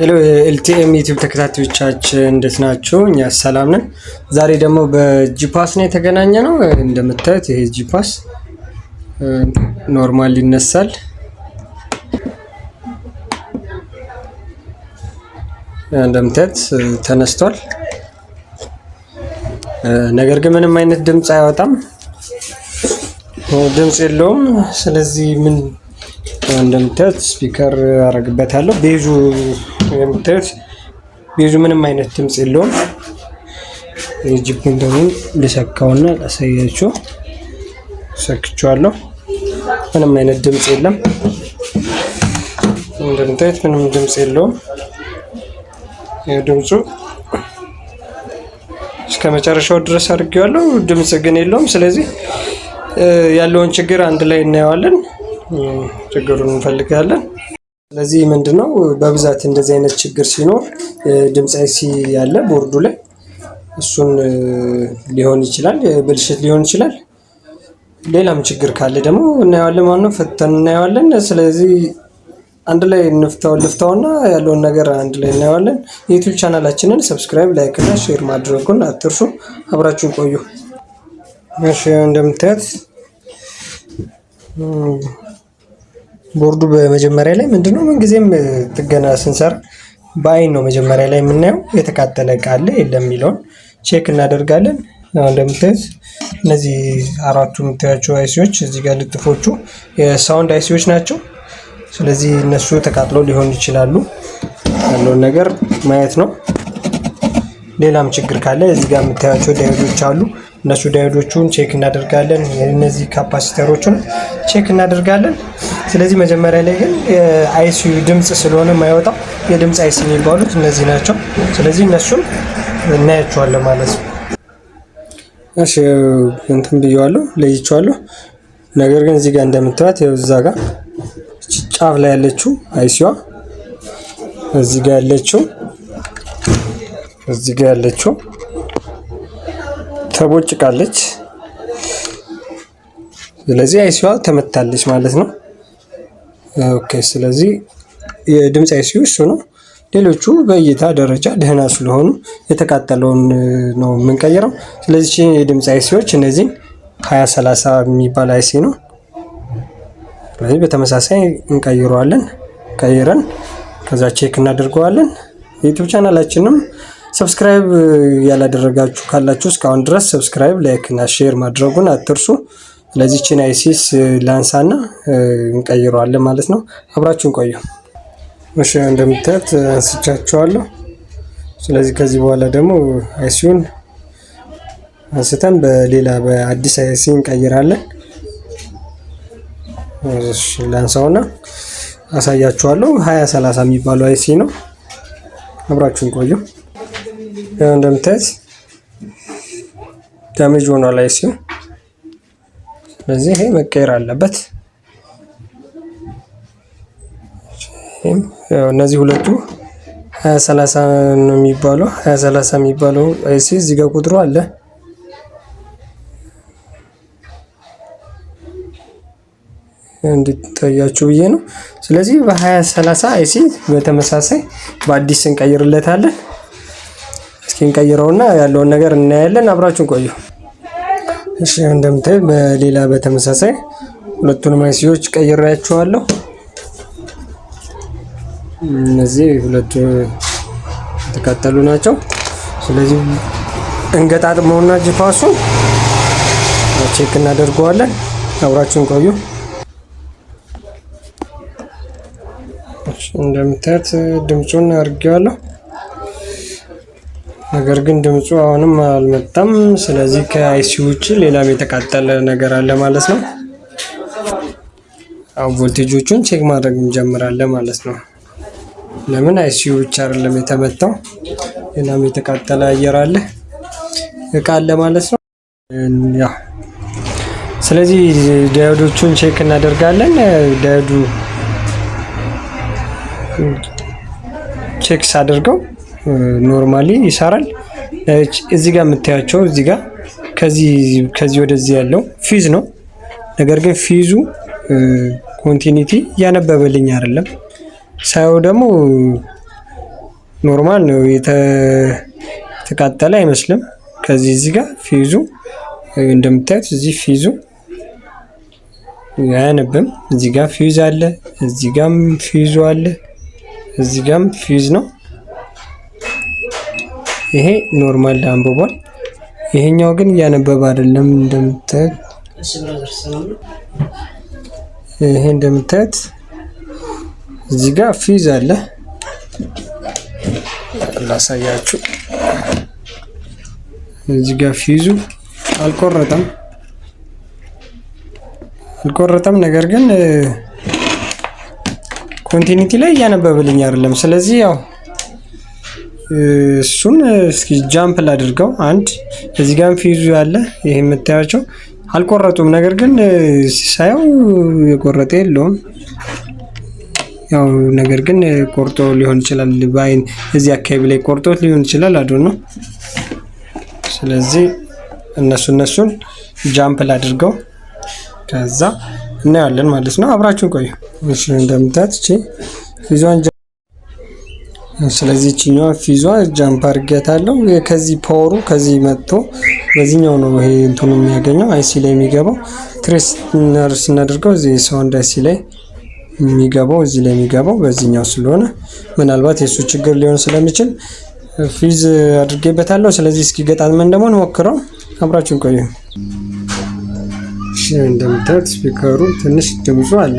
ሄሎ የኤልቲኤም ዩቲዩብ ተከታታዮቻችን እንዴት ናችሁ? እኛ ሰላም ነን። ዛሬ ደግሞ በጂፓስ ነው የተገናኘ ነው። እንደምታዩት ይሄ ጂፓስ ኖርማል ይነሳል። እንደምታዩት ተነስቷል። ነገር ግን ምንም አይነት ድምፅ አይወጣም? ድምፅ የለውም። ስለዚህ ምን እንደምታዩት ስፒከር አረግበታለሁ። ቤዙ የምታዩት ቤዙ ምንም አይነት ድምፅ የለውም። የጅቡን ደግሞ ልሰካውና ላሳያችሁ። ሰክቼዋለሁ። ምንም አይነት ድምፅ የለም። እንደምታዩት ምንም ድምፅ የለውም። ድምፁ እስከ መጨረሻው ድረስ አድርጌዋለሁ። ድምፅ ግን የለውም። ስለዚህ ያለውን ችግር አንድ ላይ እናየዋለን። ችግሩን እንፈልጋለን። ስለዚህ ምንድን ነው በብዛት እንደዚህ አይነት ችግር ሲኖር ድምፅ አይሲ ያለ ቦርዱ ላይ እሱን ሊሆን ይችላል፣ ብልሽት ሊሆን ይችላል። ሌላም ችግር ካለ ደግሞ እናየዋለን ማለት ነው፣ ፈተን እናየዋለን። ስለዚህ አንድ ላይ እንፍታው ልፍታውና ያለውን ነገር አንድ ላይ እናየዋለን። የዩቱብ ቻናላችንን ሰብስክራይብ፣ ላይክ እና ሼር ማድረጉን አትርሱ። አብራችሁን ቆዩ። እሺ እንደምታያት ቦርዱ በመጀመሪያ ላይ ምንድነው ምንጊዜም ጥገና ስንሰራ በአይን ነው መጀመሪያ ላይ የምናየው የተቃጠለ እቃ አለ የለም የሚለውን ቼክ እናደርጋለን። እንደምታዩት እነዚህ አራቱ የምታያቸው አይሲዎች እዚህ ጋር ልጥፎቹ የሳውንድ አይሲዎች ናቸው። ስለዚህ እነሱ ተቃጥሎ ሊሆን ይችላሉ ያለውን ነገር ማየት ነው። ሌላም ችግር ካለ እዚህ ጋር የምታያቸው ዳይዶች አሉ። እነሱ ዳይዶቹን ቼክ እናደርጋለን። እነዚህ ካፓሲተሮቹን ቼክ እናደርጋለን። ስለዚህ መጀመሪያ ላይ ግን አይሲዩ ድምፅ ስለሆነ የማይወጣው የድምፅ አይሲ የሚባሉት እነዚህ ናቸው። ስለዚህ እነሱን እናያቸዋለን ማለት ነው። እሺ እንትን ብየዋለሁ፣ ለይቸዋለሁ። ነገር ግን እዚህ ጋር እንደምታዩት እዛ ጋር ጫፍ ላይ ያለችው አይሲዋ እዚህ ጋር ያለችው እዚህ ጋር ያለችው ተቦጭቃለች። ስለዚህ አይሲዋ ተመታለች ማለት ነው። ኦኬ ስለዚህ የድምፅ አይሲዩ እሱ ነው። ሌሎቹ በእይታ ደረጃ ደህና ስለሆኑ የተቃጠለውን ነው የምንቀይረው። ስለዚህ የድምፅ አይሲዎች እነዚህን ሀያ ሰላሳ የሚባል አይሲ ነው። ስለዚህ በተመሳሳይ እንቀይረዋለን። ቀይረን ከዛ ቼክ እናደርገዋለን። ዩቱብ ቻናላችንም ሰብስክራይብ ያላደረጋችሁ ካላችሁ እስካሁን ድረስ ሰብስክራይብ፣ ላይክ እና ሼር ማድረጉን አትርሱ። ለዚችን ቺን አይሲስ ላንሳና እንቀይረዋለን ማለት ነው። አብራችሁን ቆዩ። እሺ እንደምታዩት አንስቻችኋለሁ። ስለዚህ ከዚህ በኋላ ደግሞ አይሲውን አንስተን በሌላ በአዲስ አይሲ እንቀይራለን። ላንሳውና አሳያችኋለሁ። ሀያ ሰላሳ የሚባለው አይሲ ነው። አብራችሁን ቆዩ። ያው እንደምታየት ዳሜጅ ሆኗል አይሲዩ። ስለዚህ ይሄ መቀየር አለበት። እነዚህ ሁለቱ ሀያ ሰላሳ ነው የሚባለው ሀያ ሰላሳ የሚባለው አይሲ እዚህ ጋር ቁጥሩ አለ። እንድታያችሁ ብዬ ነው። ስለዚህ በሀያ ሰላሳ አይሲ በተመሳሳይ በአዲስ እንቀይርለታለን። እስኪ ቀይረውና ያለውን ነገር እናያለን። አብራችሁን ቆዩ። እሺ እንደምታዩ በሌላ በተመሳሳይ ሁለቱንም አይሲዎች ቀይሬያቸዋለሁ። እነዚህ ሁለቱ የተቃጠሉ ናቸው። ስለዚህ እንገጣጥመውና ጅፓሱን ቼክ እናደርገዋለን። አብራችሁን ቆዩ። እንደምታዩት ድምፁን አድርጌዋለሁ። ነገር ግን ድምፁ አሁንም አልመጣም። ስለዚህ ከአይሲዩ ውጭ ሌላም የተቃጠለ ነገር አለ ማለት ነው። አሁን ቮልቴጆቹን ቼክ ማድረግ እንጀምራለን ማለት ነው። ለምን አይሲ ውጭ አይደለም የተመታው፣ ሌላም የተቃጠለ አየር አለ፣ እቃ አለ ማለት ነው። ስለዚህ ዳዮዶቹን ቼክ እናደርጋለን። ዳዮዱ ቼክስ አድርገው ኖርማሊ ይሰራል። እዚህ ጋር የምታያቸው እዚህ ጋር ከዚህ ወደዚህ ያለው ፊዝ ነው። ነገር ግን ፊዙ ኮንቲኒቲ እያነበበልኝ አይደለም። ሳየው ደግሞ ኖርማል ነው፣ የተቃጠለ አይመስልም። ከዚህ እዚህ ጋር ፊዙ እንደምታዩት እዚህ ፊዙ አያነብም። እዚህ ጋር ፊዝ አለ፣ እዚህ ጋም ፊዙ አለ፣ እዚህ ጋም ፊዝ ነው። ይሄ ኖርማል አንብቧል። ይሄኛው ግን እያነበበ አይደለም። እንደምታዩት ይሄ እንደምታዩት እዚህ ጋር ፊዝ አለ ላሳያችሁ። እዚህ ጋር ፊዙ አልቆረጠም አልቆረጠም ነገር ግን ኮንቲኒቲ ላይ እያነበብልኝ አይደለም። ስለዚህ ያው እሱን እስኪ ጃምፕ ላድርገው። አንድ እዚህ ጋር ፊዙ ያለ ይህ የምታያቸው አልቆረጡም፣ ነገር ግን ሳየው የቆረጠ የለውም። ያው ነገር ግን ቆርጦ ሊሆን ይችላል፣ በአይን እዚህ አካባቢ ላይ ቆርጦ ሊሆን ይችላል። አዶ ነው። ስለዚህ እነሱ እነሱን ጃምፕ ላድርገው ከዛ እናያለን ማለት ነው። አብራችሁን ቆዩ። እሺ እንደምታዩት ፊዟን ስለዚህ ችኛዋ ፊዟ ጃምፕ አድርጌያታለሁ። ከዚህ ፓወሩ ከዚህ መጥቶ በዚህኛው ነው ይሄ እንትኑ የሚያገኘው አይሲ ላይ የሚገባው ትሬስ ስናደርገው እዚህ ሳውንድ አይሲ ላይ የሚገባው እዚህ ላይ የሚገባው በዚህኛው ስለሆነ ምናልባት የእሱ ችግር ሊሆን ስለሚችል ፊዝ አድርጌበታለሁ። ስለዚህ እስኪገጣጥመን ደግሞ እንሞክረው። አብራችሁን ቆዩ። እንደምታዩት ስፒከሩ ትንሽ ድምፁ አለ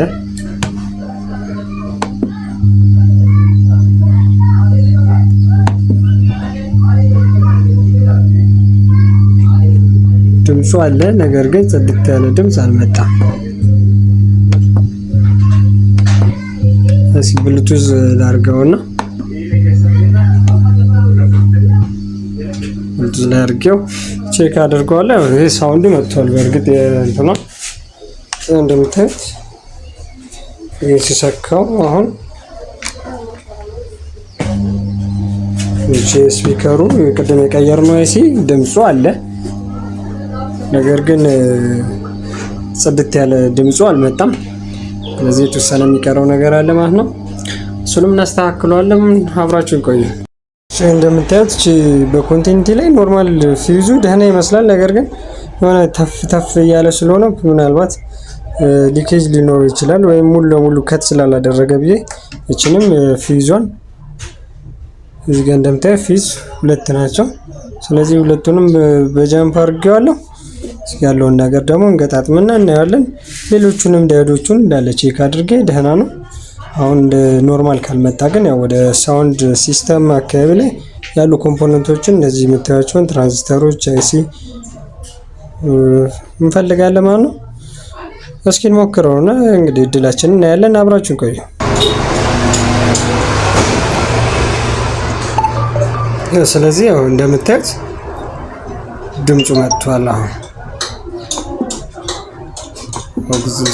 ድምፁ አለ፣ ነገር ግን ጽድት ያለ ድምፅ አልመጣም። እስ ብሉቱዝ ላርገውና ብሉቱዝ ላይ አርጌው ቼክ አድርገዋለሁ። ይሄ ሳውንድ መጥቷል። በእርግጥ እንትኗ እንደምታዩት ይህ ሲሰካው አሁን ስፒከሩ ቅድም የቀየር ነው አይሲ ድምፁ አለ ነገር ግን ጽድት ያለ ድምፁ አልመጣም። ስለዚህ የተወሰነ የሚቀረው ነገር አለ ማለት ነው። እሱንም እናስተካክለዋለን። አብራችሁ ቆዩ። እንደምታዩት በኮንቲኒቲ ላይ ኖርማል ፊዙ ደህና ይመስላል። ነገር ግን የሆነ ተፍ ተፍ እያለ ስለሆነ ምናልባት ሊኬጅ ሊኖር ይችላል፣ ወይም ሙሉ ለሙሉ ከት ስላላደረገ ብዬ እችንም ፊዟን እዚጋ እንደምታዩ እንደምታዩት ሁለት ናቸው። ስለዚህ ሁለቱንም በጃምፕ አድርጌዋለሁ። ያለውን ነገር ደግሞ እንገጣጥምና እናየዋለን። ሌሎቹንም ዳያዶቹን እንዳለ ቼክ አድርጌ ደህና ነው። አሁን ኖርማል ካልመጣ ግን ያው ወደ ሳውንድ ሲስተም አካባቢ ላይ ያሉ ኮምፖነንቶችን እነዚህ የምታያቸውን ትራንዚስተሮች አይሲ እንፈልጋለን ማለት ነው። እስኪ እንሞክረውና እንግዲህ እድላችን እናያለን። አብራችን ቆዩ። ስለዚህ ያው እንደምታዩት ድምፁ መጥቷል አሁን egzysy.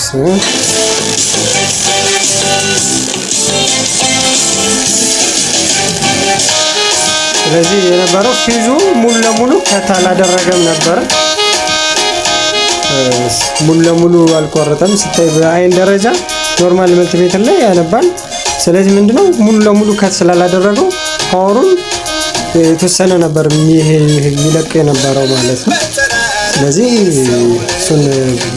ስለዚህ የነበረው ፊዙ ሙሉ ለሙሉ ከት አላደረገም ነበር። ሙሉ ለሙሉ አልቆረጠም። ሲታይ በአይን ደረጃ ኖርማል መልቲሜትር ላይ ያነባል። ስለዚህ ምንድነው ሙሉ ለሙሉ ከት ስላላደረገው ፓወሩን የተወሰነ ነበር ይሄ ይለቅ የነበረው ማለት ነው። ስለዚህ እሱን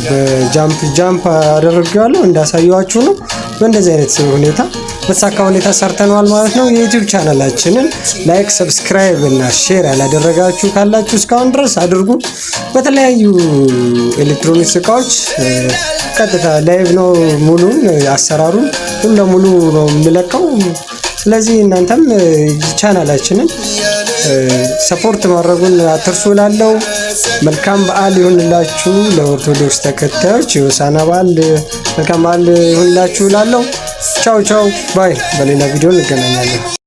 በጃምፕ ጃምፕ አደረገዋለሁ እንዳሳየዋችሁ ነው። በእንደዚህ አይነት ሁኔታ በተሳካ ሁኔታ ሰርተነዋል ማለት ነው። የዩቲዩብ ቻናላችንን ላይክ፣ ሰብስክራይብ እና ሼር ያላደረጋችሁ ካላችሁ እስካሁን ድረስ አድርጉ። በተለያዩ ኤሌክትሮኒክስ እቃዎች ቀጥታ ላይቭ ነው ሙሉን አሰራሩን ሁሉ ለሙሉ ነው የምለቀው። ስለዚህ እናንተም ቻናላችንን ሰፖርት ማድረጉን አትርሱ ላለው መልካም በዓል ይሁንላችሁ ለኦርቶዶክስ ተከታዮች፣ የሆሳዕና በዓል መልካም በዓል ይሁንላችሁ ላለው ቻው ቻው ባይ። በሌላ ቪዲዮ እንገናኛለን።